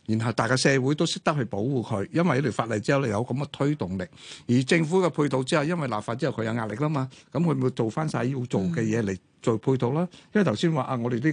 然後，大家社會都識得去保護佢，因為呢條法例之後你有咁嘅推動力。而政府嘅配套之後，因為立法之後佢有壓力啦嘛，咁佢咪做翻晒要做嘅嘢嚟做配套啦。嗯、因為頭先話啊，我哋呢、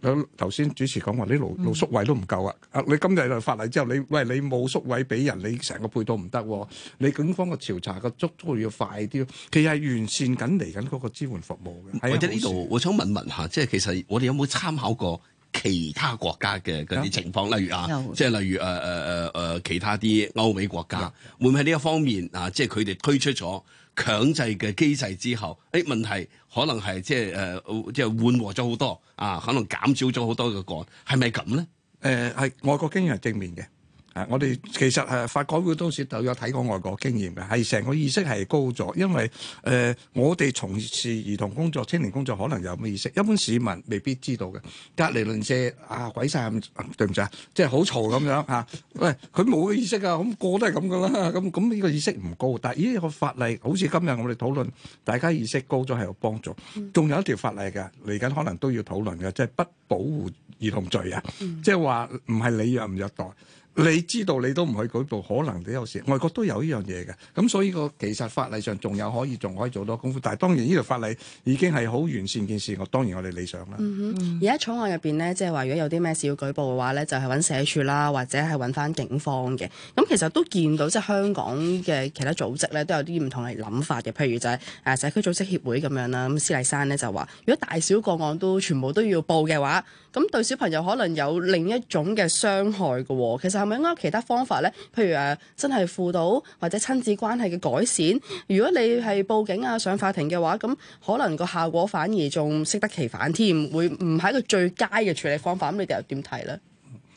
呢個案，頭先主持講話啲勞勞宿位都唔夠啊。啊，你今日嚟法例之後，你喂你冇宿位俾人，你成個配套唔得、啊。你警方嘅調查嘅速度要快啲。佢係完善緊嚟緊嗰個支援服務嘅。嗯、或者呢度，我想問問下，即係其實我哋有冇參考過？其他國家嘅嗰啲情況，例如啊，即係例如誒誒誒誒其他啲歐美國家，會唔會喺呢一方面啊，即係佢哋推出咗強制嘅機制之後，誒、哎、問題可能係、呃、即係誒即係緩和咗好多啊，可能減少咗好多嘅個案，係咪咁咧？誒係、呃、外國經驗係正面嘅。誒、啊，我哋其實誒、啊，法改會當時就有睇過外國經驗嘅，係成個意識係高咗，因為誒、呃，我哋從事兒童工作、青年工作，可能有咩意識？一般市民未必知道嘅。隔離鄰舍啊，鬼晒咁，對唔對、就是、啊？即係好嘈咁樣嚇。喂，佢冇意識啊，咁、嗯、個都係咁噶啦。咁咁呢個意識唔高，但係呢個法例好似今日我哋討論，大家意識高咗係有幫助。仲有一條法例嘅嚟緊，可能都要討論嘅，即、就、係、是、不保護兒童罪啊，即係話唔係你虐唔虐待。你知道你都唔去舉報，可能都有事。外國都有呢樣嘢嘅，咁所以個其實法例上仲有可以，仲可以做多功夫。但係當然呢條法例已經係好完善件事。我當然我哋理想啦。嗯哼，而家草案入邊呢，即係話如果有啲咩事要舉報嘅話呢，就係、是、揾社署啦，或者係揾翻警方嘅。咁其實都見到即係、就是、香港嘅其他組織呢，都有啲唔同嘅諗法嘅。譬如就係、是、誒、啊、社區組織協會咁樣啦。咁施麗珊呢，就話，如果大小個案都全部都要報嘅話，咁對小朋友可能有另一種嘅傷害嘅喎，其實係咪應該有其他方法呢？譬如誒，真係輔導或者親子關係嘅改善。如果你係報警啊、上法庭嘅話，咁可能個效果反而仲適得其反添，會唔係一個最佳嘅處理方法。咁你哋又點睇呢？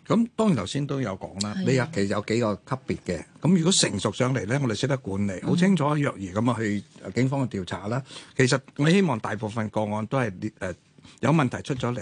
咁當然頭先都有講啦，你日期有幾個級別嘅。咁如果成熟上嚟呢，我哋識得管理，好清楚。若而咁樣，去警方嘅調查啦。其實我希望大部分個案都係誒有問題出咗嚟。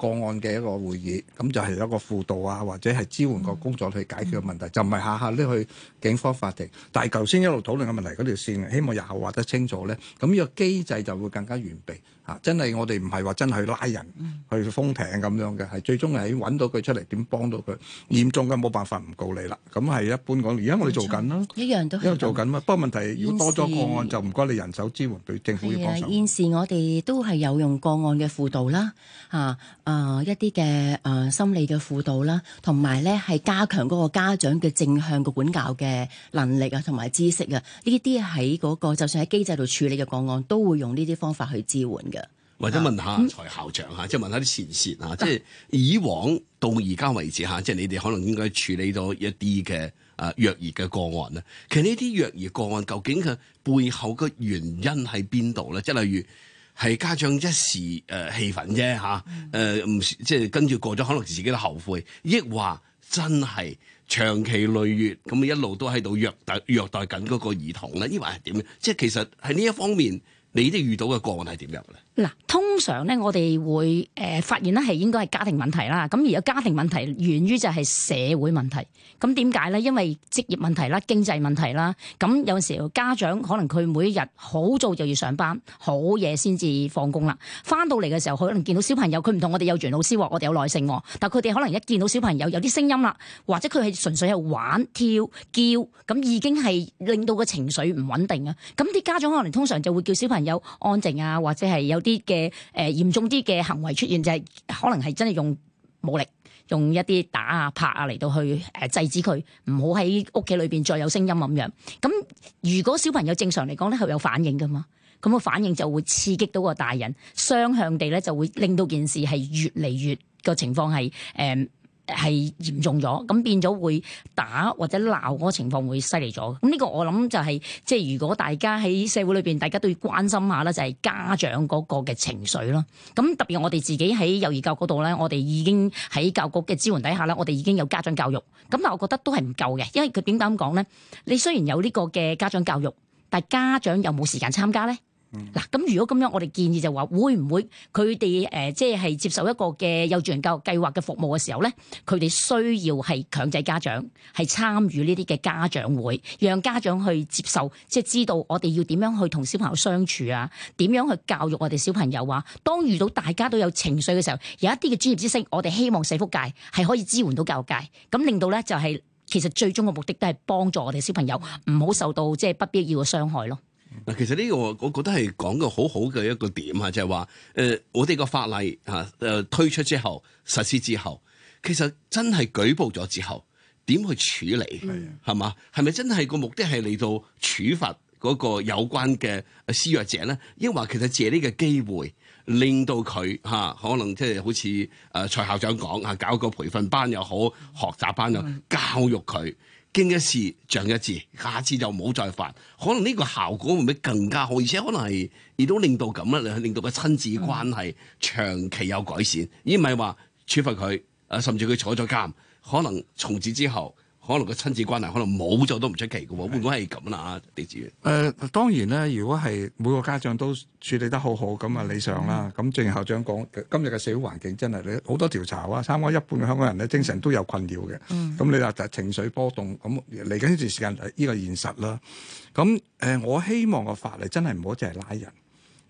個案嘅一個會議，咁、嗯、就係、是、一個輔導啊，或者係支援個工作去解決問題，嗯、就唔係下下呢去警方法庭。但係頭先一路討論嘅問題嗰條線，希望日後話得清楚咧。咁呢個機制就會更加完備嚇。啊嗯、Superman，真係我哋唔係話真係去拉人去封艇咁樣嘅，係最終係搵到佢出嚟，點幫到佢嚴重嘅冇辦法唔告你啦。咁係一般講，而家我哋做緊啦，一樣都係做緊嘛。不過問題要多咗個案，就唔該你人手支援俾政府去幫手。現時我哋都係有用個案嘅輔導啦，嚇。啊、呃，一啲嘅啊心理嘅輔導啦，同埋咧係加強嗰個家長嘅正向嘅管教嘅能力啊，同埋知識啊，呢啲喺嗰個就算喺機制度處理嘅個案，都會用呢啲方法去支援嘅。或者問下蔡校長吓，即係問下啲前線吓，即係以往到而家為止吓，啊、即係你哋可能應該處理到一啲嘅啊虐兒嘅個案啦，其實呢啲虐兒個案究竟佢背後嘅原因喺邊度咧？即係例如。係家長一時誒氣憤啫嚇，誒唔、嗯呃、即係跟住過咗，可能自己都後悔，抑或真係長期累月咁一路都喺度虐待虐待緊嗰個兒童咧？抑或係點咧？即係其實喺呢一方面，你哋遇到嘅個案係點樣咧？嗱，通常咧，我哋會誒發現咧，係應該係家庭問題啦。咁而家家庭問題源於就係社會問題。咁點解咧？因為職業問題啦、經濟問題啦。咁有時候家長可能佢每一日好早就要上班，好夜先至放工啦。翻到嚟嘅時候，佢可能見到小朋友，佢唔同我哋幼兒園老師喎，我哋有耐性喎。但佢哋可能一見到小朋友有啲聲音啦，或者佢係純粹係玩、跳、叫，咁已經係令到個情緒唔穩定啊。咁啲家長可能通常就會叫小朋友安靜啊，或者係有啲。啲嘅誒嚴重啲嘅行為出現就係、是、可能係真係用武力，用一啲打啊拍啊嚟到去誒、呃、制止佢，唔好喺屋企裏邊再有聲音咁樣。咁如果小朋友正常嚟講咧，係有反應噶嘛？咁個反應就會刺激到個大人，雙向地咧就會令到件事係越嚟越、這個情況係誒。呃係嚴重咗，咁變咗會打或者鬧嗰個情況會犀利咗。咁呢個我諗就係、是，即係如果大家喺社會裏邊，大家都要關心下啦，就係家長嗰個嘅情緒咯。咁特別我哋自己喺幼兒教育嗰度咧，我哋已經喺教育局嘅支援底下咧，我哋已經有家長教育。咁但我覺得都係唔夠嘅，因為佢點解咁講咧？你雖然有呢個嘅家長教育，但家長有冇時間參加咧？嗱，咁、嗯、如果咁樣，我哋建議就話，會唔會佢哋誒，即、就、係、是、接受一個嘅幼稚園教育計劃嘅服務嘅時候咧，佢哋需要係強制家長係參與呢啲嘅家長會，讓家長去接受，即、就、係、是、知道我哋要點樣去同小朋友相處啊，點樣去教育我哋小朋友啊。當遇到大家都有情緒嘅時候，有一啲嘅專業知識，我哋希望社福界係可以支援到教育界，咁令到咧就係、是、其實最終嘅目的都係幫助我哋小朋友唔好受到即係不必要嘅傷害咯。嗱，其實呢個我覺得係講個好好嘅一個點啊，就係話，誒、呃，我哋個法例嚇誒、呃、推出之後實施之後，其實真係舉報咗之後，點去處理係嘛？係咪的真係個目的係嚟到處罰嗰個有關嘅施虐者咧？抑或其實借呢個機會令到佢嚇可能即係好似誒蔡校長講嚇搞個培訓班又好學習班又好，教育佢。經一事，長一智，下次就唔好再犯，可能呢個效果會唔會更加好，而且可能係亦都令到咁啦，令到個親子關係長期有改善，而唔係話處罰佢，啊，甚至佢坐咗監，可能從此之後。可能個親子關係可能冇咗都唔出奇嘅喎，的會唔會係咁啦？狄志遠，誒、呃、當然咧，如果係每個家長都處理得好好咁啊，理想啦。咁正如校長講，今日嘅社會環境真係好多調查話，參加一半嘅香港人咧精神都有困擾嘅。咁、嗯、你話就情緒波動，咁嚟緊呢段時間呢個現實啦。咁誒、呃，我希望嘅法例真係唔好淨係拉人。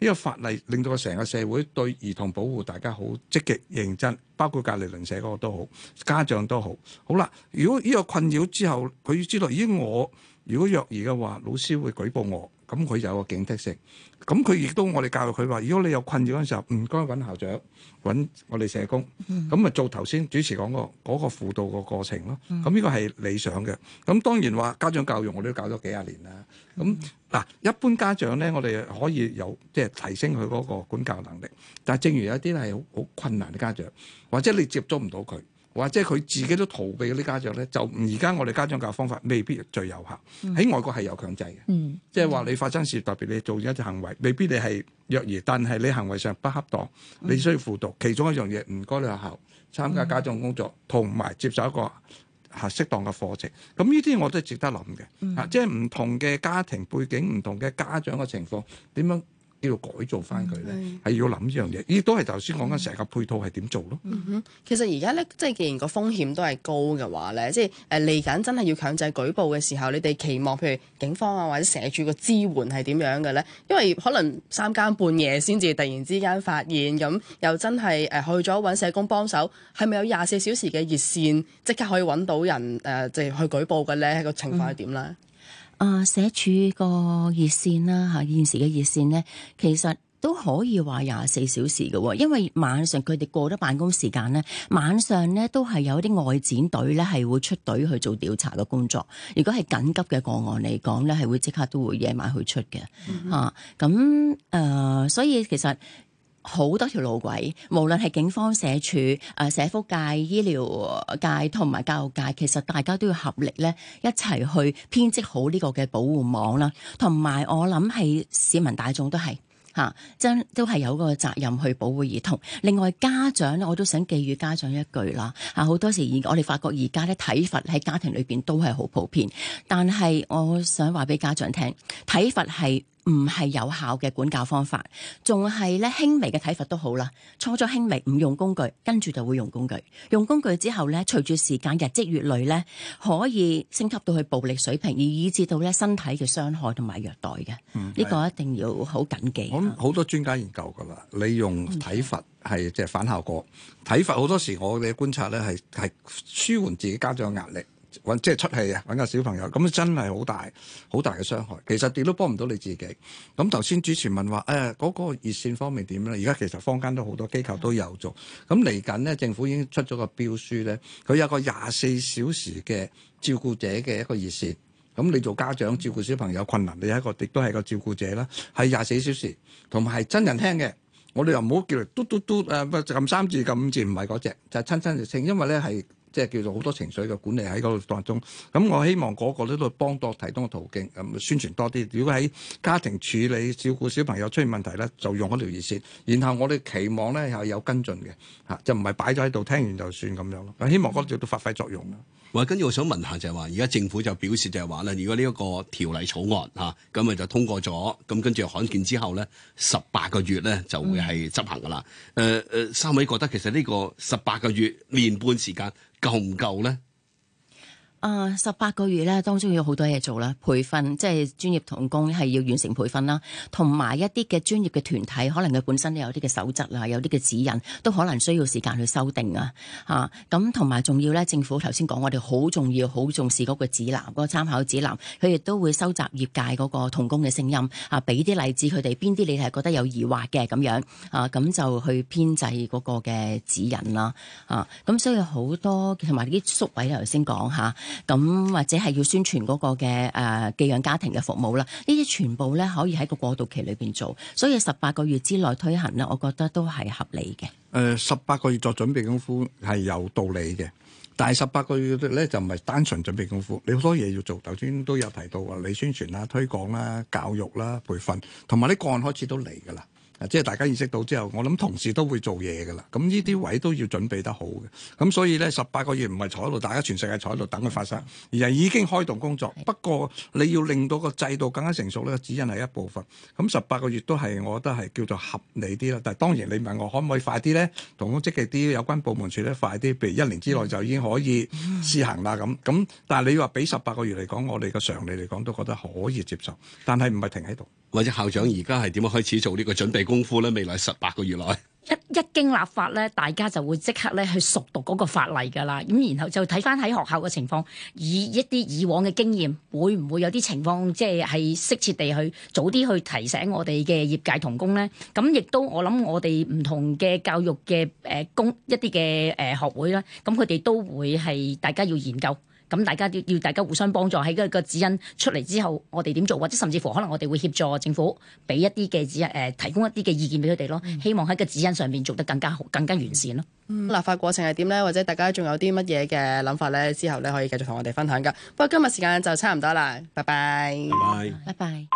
呢個法例令到成個社會對兒童保護大家好積極認真，包括隔離鄰舍嗰個都好，家長都好。好啦，如果呢個困擾之後，佢要知道咦我如果虐兒嘅話，老師會舉報我。咁佢就有個警惕性，咁佢亦都我哋教育佢話：如果你有困擾嗰陣時候，唔該揾校長，揾我哋社工，咁咪做頭先主持講過嗰個輔導個過程咯。咁呢個係理想嘅。咁當然話家長教育我都教咗幾廿年啦。咁嗱，一般家長咧，我哋可以有即係提升佢嗰個管教能力。但係正如有一啲係好困難嘅家長，或者你接觸唔到佢。或者佢自己都逃避嗰啲家長咧，就而家我哋家長教方法未必最有效。喺、嗯、外國係有強制嘅，嗯、即係話你發生事，特別你做一啲行為，未必你係虐兒，但係你行為上不恰當，你需要輔導。嗯、其中一樣嘢唔該，你學校參加家長工作，同埋、嗯、接受一個合適當嘅課程。咁呢啲我都係值得諗嘅，啊、嗯，即係唔同嘅家庭背景、唔同嘅家長嘅情況點樣？呢度改造翻佢咧，係要諗一樣嘢，亦都係頭先講緊成個配套係點做咯、嗯。其實而家咧，即係既然個風險都係高嘅話咧，即係誒嚟緊真係要強制舉報嘅時候，你哋期望譬如警方啊或者社署嘅支援係點樣嘅咧？因為可能三更半夜先至突然之間發現，咁又真係誒去咗揾社工幫手，係咪有廿四小時嘅熱線即刻可以揾到人誒，即係去舉報嘅咧？個情況係點咧？嗯啊，社署、呃、個熱線啦嚇、啊，現時嘅熱線咧，其實都可以話廿四小時嘅喎，因為晚上佢哋過咗辦公時間咧，晚上咧都係有啲外展隊咧係會出隊去做調查嘅工作。如果係緊急嘅個案嚟講咧，係會即刻都會夜晚去出嘅嚇。咁誒、嗯哼啊呃，所以其實。好多條路軌，無論係警方、社署、誒社福界、醫療界同埋教育界，其實大家都要合力咧，一齊去編織好呢個嘅保護網啦。同埋我諗係市民大眾都係嚇，真都係有個責任去保護兒童。另外家長咧，我都想寄予家長一句啦。啊，好多時而我哋發覺而家咧體罰喺家庭裏邊都係好普遍，但係我想話俾家長聽，體罰係唔係有效嘅管教方法，仲係咧輕微嘅體罰都好啦。初初輕微，唔用工具，跟住就會用工具。用工具之後咧，隨住時間日積月累咧，可以升級到去暴力水平，而以致到咧身體嘅傷害同埋虐待嘅。呢、嗯、個一定要好謹記。咁好是、嗯、多專家研究噶啦，你用體罰係即係反效果。體罰好多時我哋觀察咧係係舒緩自己家長嘅壓力。即係出氣啊！揾個小朋友咁真係好大好大嘅傷害。其實亦都幫唔到你自己。咁頭先主持問話誒，嗰、哎嗰個熱線方面點咧？而家其實坊間都好多機構都有做。咁嚟緊咧，政府已經出咗個標書咧，佢有個廿四小時嘅照顧者嘅一個熱線。咁你做家長照顧小朋友困難，你係一個亦都係個照顧者啦，係廿四小時，同埋係真人聽嘅。我哋又唔好叫嚟嘟嘟嘟誒，撳三字撳五字，唔係嗰隻，就係、是、親親熱情。因為咧係。即係叫做好多情緒嘅管理喺嗰度當中，咁我希望嗰個都都幫到提供途徑，咁、嗯、宣傳多啲。如果喺家庭處理照顧小朋友出現問題咧，就用嗰條熱線，然後我哋期望咧係有跟進嘅嚇，就唔係擺咗喺度聽完就算咁樣咯。希望嗰條都發揮作用啦。嗯跟住我想問下就係話，而家政府就表示就係話咧，如果呢一個條例草案嚇咁啊就，就通過咗，咁跟住刊憲之後咧，十八個月咧就會係執行㗎喇。誒、呃、誒、呃，三位覺得其實呢個十八個月年半時間夠唔夠咧？夠啊，十八個月咧，當中有好多嘢做啦，培訓即係專業同工係要完成培訓啦，同埋一啲嘅專業嘅團體，可能佢本身都有啲嘅守則啊，有啲嘅指引，都可能需要時間去修訂啊，嚇咁同埋仲要咧，政府頭先講，我哋好重要、好重視嗰個指南、嗰個參考指南，佢亦都會收集業界嗰個同工嘅聲音啊，俾啲例子，佢哋邊啲你係覺得有疑惑嘅咁樣啊，咁就去編製嗰個嘅指引啦，啊，咁所以好多同埋啲宿位啊，頭先講嚇。咁或者係要宣傳嗰個嘅誒、呃、寄養家庭嘅服務啦，呢啲全部咧可以喺個過渡期裏邊做，所以十八個月之內推行咧，我覺得都係合理嘅。誒、呃，十八個月做準備功夫係有道理嘅，但係十八個月咧就唔係單純準備功夫，你好多嘢要做。頭先都有提到啊，你宣傳啦、推廣啦、教育啦、培訓，同埋呢個案開始都嚟噶啦。即係大家意識到之後，我諗同事都會做嘢㗎啦。咁呢啲位都要準備得好嘅。咁所以呢，十八個月唔係坐喺度，大家全世界坐喺度等佢發生，而係已經開動工作。不過你要令到個制度更加成熟呢，指引係一部分。咁十八個月都係我覺得係叫做合理啲啦。但係當然你問我可唔可以快啲呢？同我積極啲有關部門處理得快啲，譬如一年之內就已經可以試行啦咁。咁但係你話俾十八個月嚟講，我哋嘅常理嚟講都覺得可以接受，但係唔係停喺度。或者校長而家係點樣開始做呢個準備？功夫呢，未來十八個月內一一經立法呢，大家就會即刻呢去熟讀嗰個法例㗎喇。咁然後就睇返喺學校嘅情況，以一啲以往嘅經驗，會唔會有啲情況，即係係適切地去早啲去提醒我哋嘅業界同工呢？咁亦都我諗，我哋唔同嘅教育嘅誒工一啲嘅誒學會啦，咁佢哋都會係大家要研究。咁大家要要大家互相幫助，喺個指引出嚟之後，我哋點做，或者甚至乎可能我哋會協助政府俾一啲嘅指引，誒、呃、提供一啲嘅意見俾佢哋咯。希望喺個指引上面做得更加好、更加完善咯。嗯、立法過程係點呢？或者大家仲有啲乜嘢嘅諗法呢？之後呢可以繼續同我哋分享噶。不過今日時間就差唔多啦，拜拜。拜拜。拜拜。